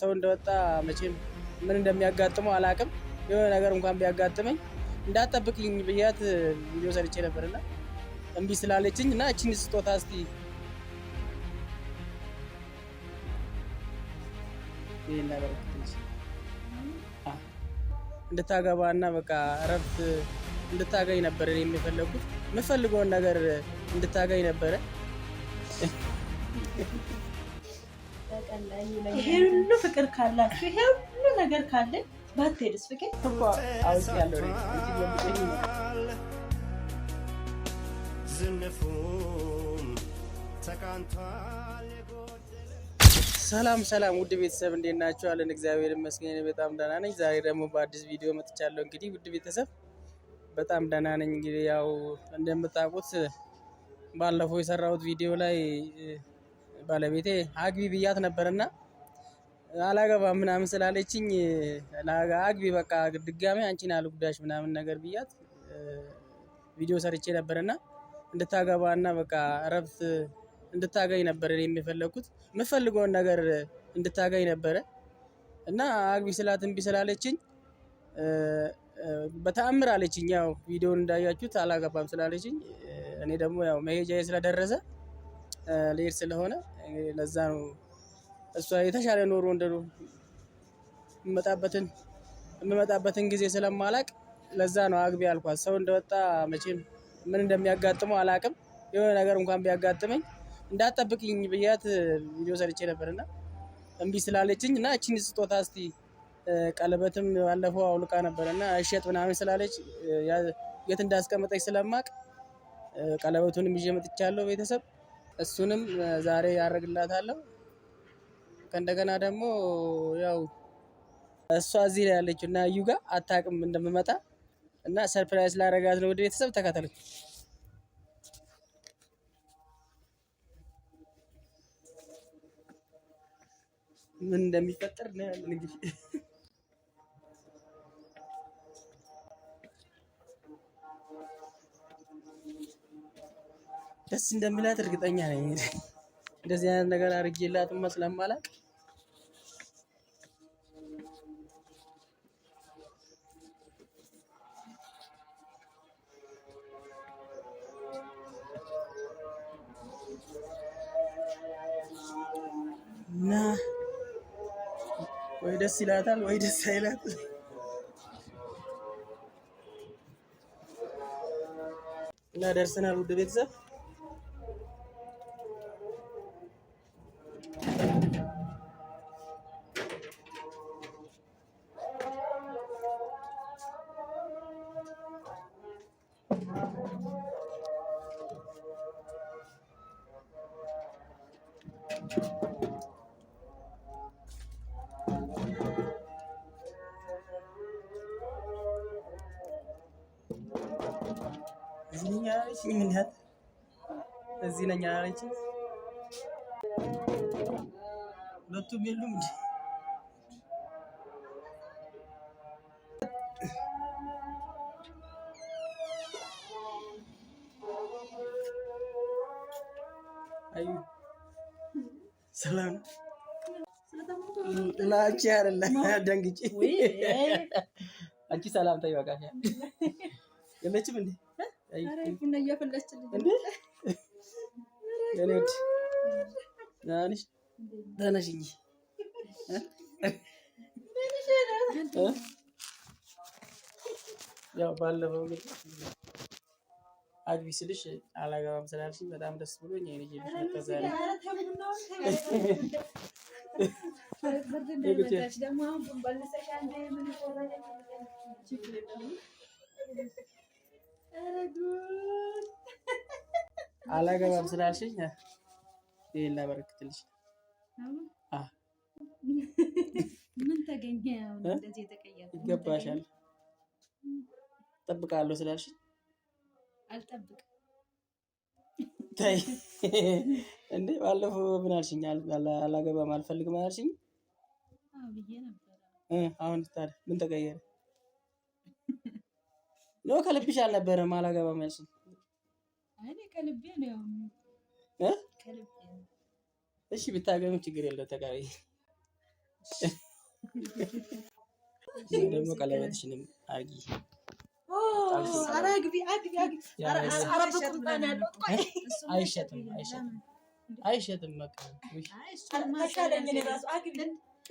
ሰው እንደወጣ መቼም ምን እንደሚያጋጥመው አላቅም። የሆነ ነገር እንኳን ቢያጋጥመኝ እንዳትጠብቅኝ ብያት ቪዲዮ ሰርቼ ነበርና እምቢ ስላለችኝ እና እችን ስጦታ እስቲ እንድታገባ እና በቃ እረፍት እንድታገኝ ነበር የሚፈለጉት። የምፈልገውን ነገር እንድታገኝ ነበረ። ይሄ ሁሉ ፍቅር ካላችሁ ይሄ ሁሉ ነገር ካለን ባትሄድስ ፍቅር ሰላም ሰላም ውድ ቤተሰብ እንዴት ናችሁ? አለን እግዚአብሔር ይመስገን በጣም ደህና ነኝ። ዛሬ ደግሞ በአዲስ ቪዲዮ መጥቻለሁ። እንግዲህ ውድ ቤተሰብ በጣም ደህና ነኝ። እንግዲህ ያው እንደምታውቁት ባለፈው የሰራሁት ቪዲዮ ላይ ባለቤቴ አግቢ ብያት ነበርና አላገባ ምናምን ስላለችኝ አግቢ በቃ ድጋሜ አንቺን አልጉዳሽ ምናምን ነገር ብያት ቪዲዮ ሰርቼ ነበርና እንድታገባና በቃ እረፍት እንድታገኝ ነበር የሚፈለግኩት የምፈልገውን ነገር እንድታገኝ ነበረ እና አግቢ ስላት እምቢ ስላለችኝ በተአምር አለችኝ። ያው ቪዲዮን እንዳያችሁት አላገባም ስላለችኝ እኔ ደግሞ ያው መሄጃዬ ስለደረሰ ልሄድ ስለሆነ ለዛ ነው እሷ የተሻለ ኖሮ እንደሩ የምመጣበትን የምመጣበትን ጊዜ ስለማላቅ ለዛ ነው አግቢ ያልኳት። ሰው እንደወጣ መቼም ምን እንደሚያጋጥመው አላቅም። የሆነ ነገር እንኳን ቢያጋጥመኝ እንዳትጠብቅኝ ብያት ቪዲዮ ሰርቼ ነበር እና እምቢ ስላለችኝ እና እችን ስጦታ እስቲ ቀለበትም ባለፈው አውልቃ ነበር እና እሸጥ ምናምን ስላለች የት እንዳስቀመጠች ስለማቅ ቀለበቱንም ይዤ መጥቻለሁ። ቤተሰብ እሱንም ዛሬ ያደርግላታለሁ። ከእንደገና ደግሞ ያው እሷ እዚህ ላይ ያለችው እና እዩ ጋር አታውቅም እንደምመጣ እና ሰርፕራይዝ ላረጋት ነው። ወደ ቤተሰብ ተከተለች። ምን እንደሚፈጠር ነው ያለን እንግዲህ ደስ እንደሚላት እርግጠኛ ነኝ። እንደዚህ አይነት ነገር አድርጌላትም ስለማላቅ እና ወይ ደስ ይላታል ወይ ደስ አይላት። እና ደርሰናል ውድ ቤተሰብ ምን ያህል እዚህ ነኝ አላለችም። ሁለቱም የሉም እንጂ አዩ ሰላም ላቺ አይደለም ደንግጬ አንቺ ሰላምታ ይበቃሻል። የለችም እንዴ? ያው ባለፈው አግቢ ስልሽ አላገባም ስላልሽኝ በጣም ደስ ብሎኝ አይነ ዛሬ ደግሞ አላገባም ስላልሽኝ ይሄን ላበረክትልሽ። ምን ተገኘ? እንደዚህ የተቀየረ ይገባሻል። ጠብቃለሁ ስላልሽኝ አልጠብቅም። ተይ እንዴ! ባለፈው ምን አልሽኝ? አላገባም አልፈልግም አልሽኝ? አሁን ታዲያ ምን ተቀየረ? ነው ከልብሽ አልነበረም አላገባም ያልሽኝ? እሺ ብታገቢም ችግር የለው ተጋቢ። ደግሞ ቀለበትሽንም አርጊ። አይሸጥም አይሸጥም።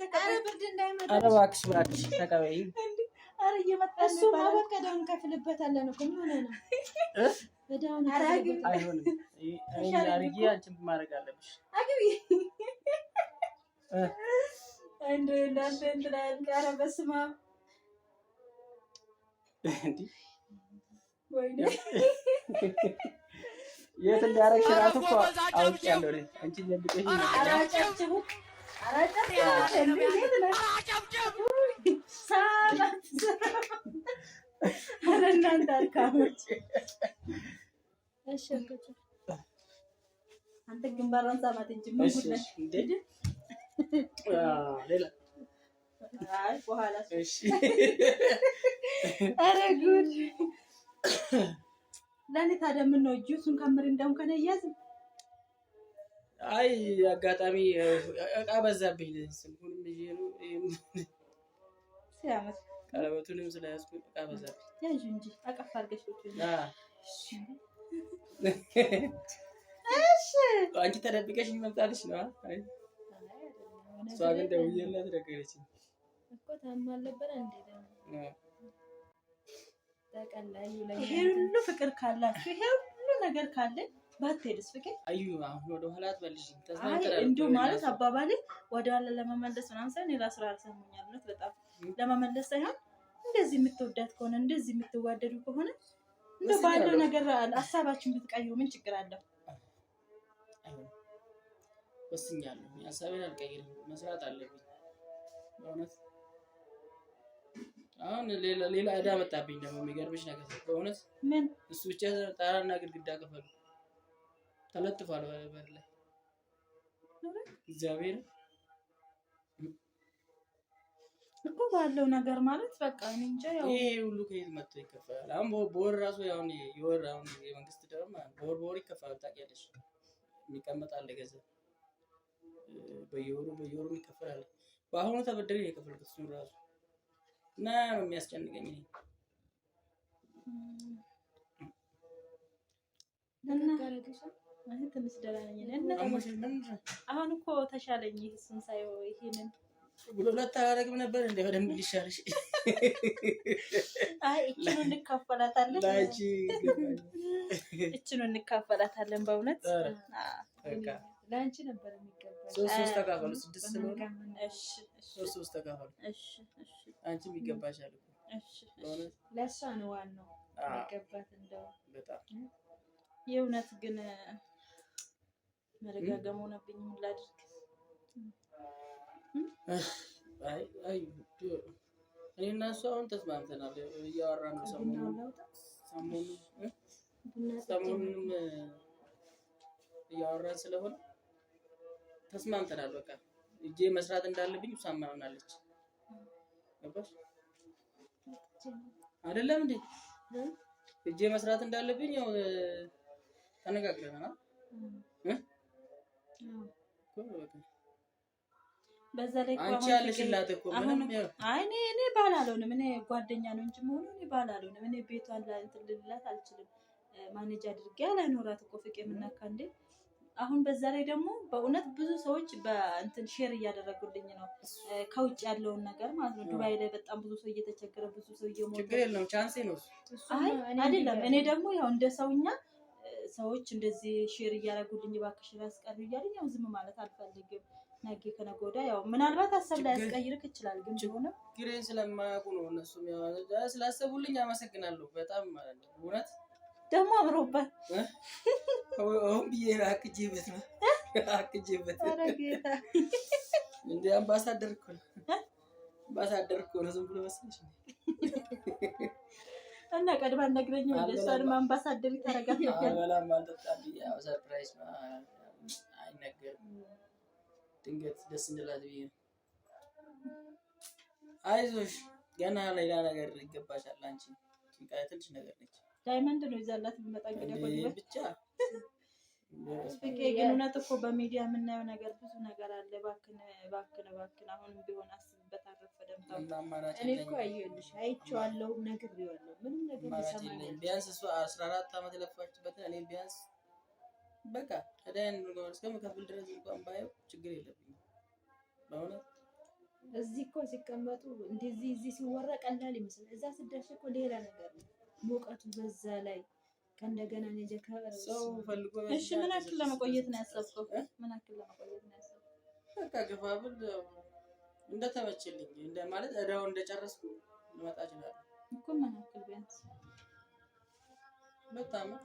በቃ እባክሽ እባክሽ ተቀበይ ከፍልበታለን እኮ ምን ሆነህ ነው? የት እንዳደረግሽ እራሱ እኮ አውቄያለሁ። ሰባት ኧረ እናንተ አድካሞች። አንተ ግንባሯን ሳማት እንጂ ኧረ ጉድ ለእኔ ታዲያ ምነው እጁን ከምር እንደውም ከእኔ እያዝም አይ አጋጣሚ እቃ በዛብኝ ስልኩንም ይዤ ነው ሲያምር ቀለበቱንም ስለያዝኩት ዕቃ በዛብኝ። ያዥ እንጂ አቀፍ አድርገሽ አንቺ ተደብቀሽ ነው። እሷ ግን ደውዬላት እኮ ይሄ ሁሉ ፍቅር ካላችሁ ይሄ ሁሉ ነገር ካለ ባትሄድስ ፍቅር አዩ አሁን ወደ ኋላ አትመልሽ። እንዲሁ ማለት አባባሌ ወደ ለመመለስ ምናምን ሳይሆን ሌላ ስራ አልሰሙኛል እውነት በጣም ለመመለስ ሳይሆን እንደዚህ የምትወዳት ከሆነ እንደዚህ የምትዋደዱ ከሆነ እንደ ባለው ነገር ሀሳባችን ብትቀይሩ ምን ችግር አለው? ወስኛለሁ። ሀሳቤን አልቀይርም። መስራት አለብኝ። በእውነት አሁን ሌላ መጣብኝ። ደግሞ የሚገርምሽ ነገር በእውነት ምን እሱ ብቻ ጣራና ግድግዳ ክፈሉ ተለጥፏል በር ላይ እግዚአብሔር እኮ ባለው ነገር ማለት በቃ እንጃ። ይሄ ሁሉ ከየት መጥቶ ይከፈላል? አሁን በወር ራሱ ሁን የወር አሁን የመንግስት ደረም በወር በወር ይከፈላል። ታውቂያለሽ፣ የሚቀመጥ አለ ገንዘብ በየወሩ በየወሩ ይከፈላል። በአሁኑ ተበደሪ የከፈልኩት እሱን ራሱ እና ነው የሚያስጨንቀኝ። አሁን እኮ ተሻለኝ ይህን ሳይሆን ይሄንን ሁለት አላደርግም ነበር እንደ በደንብ ሊሻልሽ እችኑ እንካፈላታለን፣ እችኑ እንካፈላታለን። በእውነት ለአንቺ ነበር ሶስት ተካፈሉ፣ ስድስት ስለሆነ ሶስት ሶስት ተካፈሉ። አንቺ የሚገባሻል። ለእሷ ነው ዋናው የሚገባት። እንደው የእውነት ግን ሆነብኝ። ምን ላድርግ? እኔ እና እሱ አሁን ተስማምተናል። እያወራን ነው ሰሞኑንም እያወራን ስለሆነ ተስማምተናል። በቃ እጄ መስራት እንዳለብኝ እሷ ማምናለች አይደለም እንዴ? እጄ መስራት እንዳለብኝ ያው ተነጋግረናል። በዛ ላይ አንቺ ያለሽላት እኮ ምንም አይ እኔ እኔ ባል አልሆንም። እኔ ጓደኛ ነው እንጂ መሆኑ እኔ ባል አልሆንም። እኔ ቤቷን ላይ እንትን ልልላት አልችልም። ማኔጅ አድርጌ አላኖራት እኮ ፍቅ የምናካ እንዴ አሁን በዛ ላይ ደግሞ በእውነት ብዙ ሰዎች በእንትን ሼር እያደረጉልኝ ነው፣ ከውጭ ያለውን ነገር ማለት ነው። ዱባይ ላይ በጣም ብዙ ሰው እየተቸገረ ብዙ ሰው እየሞተ ችግር የለውም ነው። አይ አይደለም። እኔ ደግሞ ያው እንደ ሰውኛ ሰዎች እንደዚህ ሼር እያደረጉልኝ እባክሽን አስቀሪ እያለኝ ያው ዝም ማለት አልፈልግም። ነገ ከነገ ወዲያ ያው ምናልባት ሀሳብ ላይ ያስቀይርክ ይችላል። ግን ቢሆንም ግሬን ስለማያውቁ ነው እነሱ ስላሰቡልኝ አመሰግናለሁ በጣም ማለት ነው። እውነት ደግሞ አምሮበት አሁን ብዬ አቅጄበት ነው አቅጄበት እንደ አምባሳደር እኮ ነው አምባሳደር እኮ ነው። ዝም ብሎ መሰለሽ እና ቀድማ ነግረኝ ወደሷንም አምባሳደር ይታረጋት ነበር ሰርፕራይዝ አይነገርም ድንገት ደስ እንድላት ብዬ ነው። አይዞሽ ገና ሌላ ነገር ይገባሻል። አንቺ ትንሽ ነገር ነች። ዳይመንድ ነው ይዛላት ብመጣ ብቻ ፍቄ ግን እውነት እኮ በሚዲያ የምናየው ነገር ብዙ ነገር አለ። እባክን እባክን እባክን አሁንም ቢሆን አስብበት። አረፈደም እኔ እኮ አየሁልሽ፣ አይቼዋለሁ፣ ነግሬዋለሁ። ምንም ነገር ቢያንስ እሷ አስራ አራት ዓመት ለፋችበትን እኔም ቢያንስ በቃ አዳን ነው እስከ ድረስ እንኳን ባየው ችግር የለብኝም። በእውነት እዚህ እኮ ሲቀመጡ እንደዚህ እዚህ ሲወራ ቀላል ይመስላል። እዛ ስደርስ እኮ ሌላ ነገር ነው። ሙቀቱ በዛ ላይ ከእንደገና እኔ ሰው ፈልጎ እሺ፣ ምን ያክል ለመቆየት ነው ያሰብከው? ምን ያክል ለመቆየት ነው ያሰብከው? በቃ ግፋብል እንደተመችልኝ እንደ ማለት እዳው እንደጨረስኩ ልመጣ እችላለሁ እኮ ምን ያክል ቢያንስ ሁለት ዓመት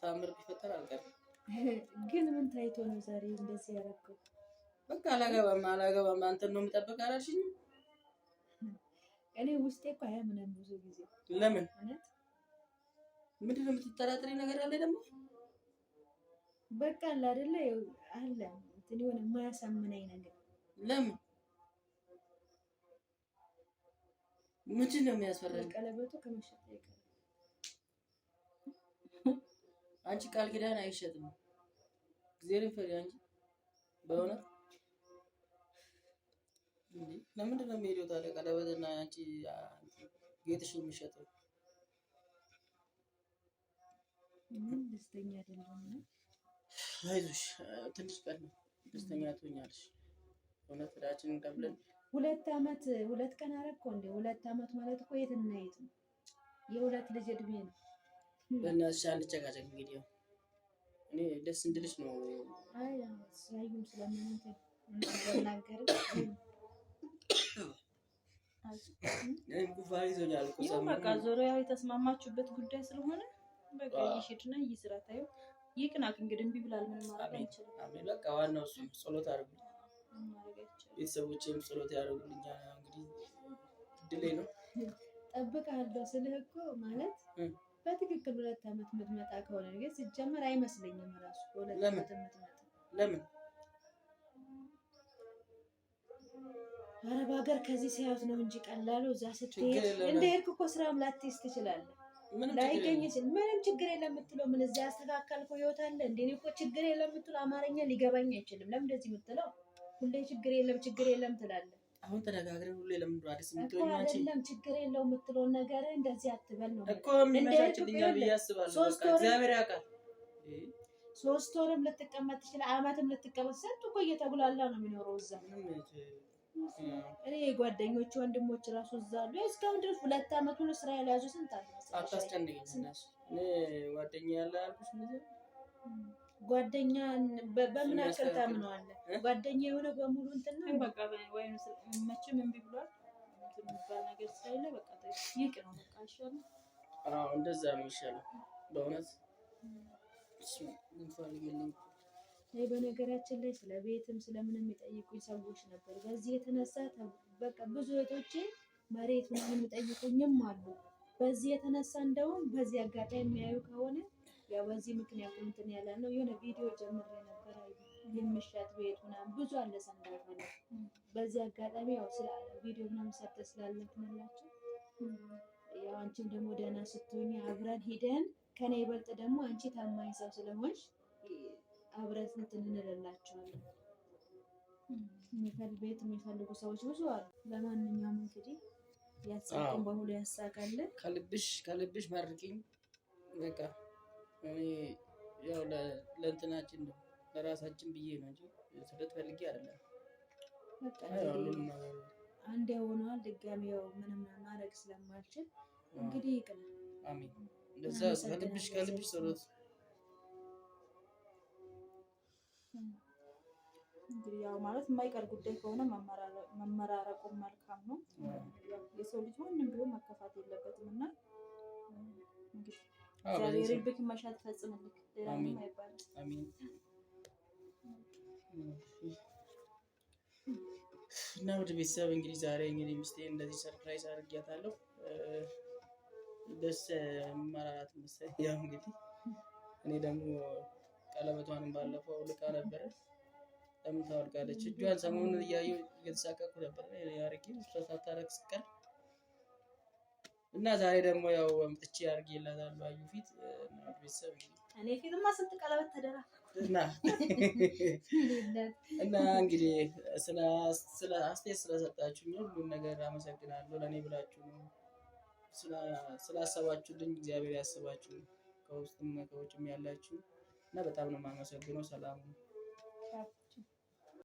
ታምር ቢፈጠር አልቀርም። ግን ምን ታይቶ ነው ዛሬ እንደዚህ ያደረገው? በቃ አላገባም አላገባም አንተን ነው የምጠብቅ አላልሽኝም? እኔ ውስጤ እኮ ሀያ ብዙ ጊዜ ለምን ምንድን ነው የምትጠራጥሪ ነገር አለ ደግሞ በቃ አለ አይደለ አለ እንትን የሆነ የማያሳምናኝ ነገር ለምን ምንድን ነው የሚያስፈራኝ? ቀለበቱ ከመሸጥ ይቀር አንቺ ቃል ኪዳን አይሸጥም። እግዚአብሔርን ፈሪ አንቺ። በእውነት ለምንድን ነው የሚሄደው ታዲያ? ቀለበትና አንቺ ጌጥሽ የሚሸጠው ምን? ደስተኛ አይደለም። አይዞሽ፣ ትንሽ ቀን ነው ደስተኛ ትሆኛለሽ። እውነት እዳችን እንደብለን ሁለት አመት ሁለት ቀን አረኮ እንደ ሁለት አመት ማለት እኮ የት እና የት ነው? የሁለት ልጅ እድሜ ነው። በእናትሽ አንጨቃጨቅ። እንግዲህ እኔ ደስ እንድልሽ ነው። በቃ ዞሮ ያው የተስማማችሁበት ጉዳይ ስለሆነ በቃ እየሄድና እየስራ ታየው ይቅናቅ። እንግዲህ እምቢ ብላል ምን ማድረግ አይችልም። በቃ ዋናው እሱ ጸሎት አድርጉልኝ፣ ቤተሰቦቼም ጸሎት ያደርጉልኛ። እንግዲህ ድሌ ነው ጠብቃለሁ ስልህ እኮ ማለት በትክክል ሁለት ዓመት የምትመጣ ከሆነ ግን ሲጀመር አይመስለኝም ራሱ ሁለት ዓመት የምትመጣ ለምን? አረብ ሀገር ከዚህ ሲያዩት ነው እንጂ ቀላሉ እዛ ስትሄድ እንደ ሄድክ እኮ ስራ ላትይዝ ትችላለህ። ላይገኝ ሲል ምንም ችግር የለም የምትለው ምን እዚያ ያስተካከልከው ህይወት አለ እንዴ? እኔ እኮ ችግር የለም የምትለው አማርኛ ሊገባኝ አይችልም። ለምን እንደዚህ የምትለው ሁሌ ችግር የለም ችግር የለም ትላለህ። አሁን ተነጋግረን ሁሌ ለምንድን ነው አዲስ የምትሆኛችን? ችግር የለው የምትለውን ነገር እንደዚህ አትበል ነው እኮ የሚመቻችልኛል ብዬ አስባለሁ። እግዚአብሔር ያውቃል። ሶስት ወርም ልትቀመጥ ትችላለህ፣ አመትም ልትቀመጥ ስንት እኮ እየተጉላላ ነው የሚኖረው እዛ። እኔ ጓደኞች ወንድሞች ራሱ እዛ አሉ። እስካሁን ድረስ ሁለት አመት ሁሉ ስራ ያለያዙ ስንት አለ። አታስጨንቅኝ ጓደኛ ያለ ያልኩሽ ነገር ጓደኛ በምን አቅል ታምነዋለህ? ጓደኛ የሆነ በሙሉ እንትን ነው። በቃ መቼም እምቢ ብሏል የሚባል ነገር ስለሌለ በቃ ይቅ ነው። በቃ ይሻላል። አዎ እንደዛ ነው ይሻላል። በእውነት ይህ በነገራችን ላይ ስለ ቤትም ስለምንም የሚጠይቁኝ ሰዎች ነበር። በዚህ የተነሳ በቃ ብዙ እህቶቼ መሬት ምናምን የሚጠይቁኝም አሉ። በዚህ የተነሳ እንደውም በዚህ አጋጣሚ የሚያዩ ከሆነ ያው በዚህ ምክንያት እንትን ያለ ነው። የሆነ ቪዲዮ ጀምሬ ነበረ የሚሸጥ ቤት ምናምን ብዙ አለ ሰንዳት ነው። በዚህ አጋጣሚ ያው ስለ ቪዲዮ ምናምን ሰርተ ስላለፍንላቸው ያው አንቺም ደግሞ ደህና ስትሆኝ አብረን ሂደን ከኔ ይበልጥ ደግሞ አንቺ ታማኝ ሰው ስለሆንሽ አብረን እንትን እንላቸዋለን። የሚፈልግ ቤት የሚፈልጉ ሰዎች ብዙ አሉ። ለማንኛውም እንግዲህ ያሳቅን በሙሉ ያሳቃለን። ከልብሽ ከልብሽ መርቂኝ በቃ እኔ ያው ለእንትናችን ነው ለራሳችን ብዬ ነው እንጂ ስደት ፈልጌ አይደለም። አንድ የሆነዋል ድጋሚ ያው ምንም ማድረግ ስለማልችል እንግዲህ ይቅር። አሜን። እንደዛ ከልብሽ ከልብሽ ጸሎት እንግዲህ ያው ማለት የማይቀር ጉዳይ ከሆነ መመራረቁ መልካም ነው። እግዚአብሔር ብክመሻ ትፈጽምልክ ሌላ ምንም አይባልም። እና ውድ ቤተሰብ እንግዲህ ዛሬ እንግዲህ ሚስቴን እንደዚህ ሰርፕራይዝ አድርጊያታለሁ። ደስ መራራት መሰለኝ። ያው እንግዲህ እኔ ደግሞ ቀለበቷንም ባለፈው ነበረ። ለምን ታወልቃለች? እጇን ሰሞኑን እያየሁ ነበር ስቀር እና ዛሬ ደግሞ ያው አምጥቼ አድርጌላታለሁ። አዩ ፊት ቤተሰብ እኔ ፊትማ ስንት ቀለበት ተደራ እና እንግዲህ ስለ አስተያየት ስለሰጣችሁ ሁሉን ነገር አመሰግናለሁ። ለእኔ ብላችሁ ስላሰባችሁልኝ እግዚአብሔር ያስባችሁ፣ ከውስጥም ከውጭም ያላችሁ እና በጣም ነው የማመሰግነው። ሰላም ነው።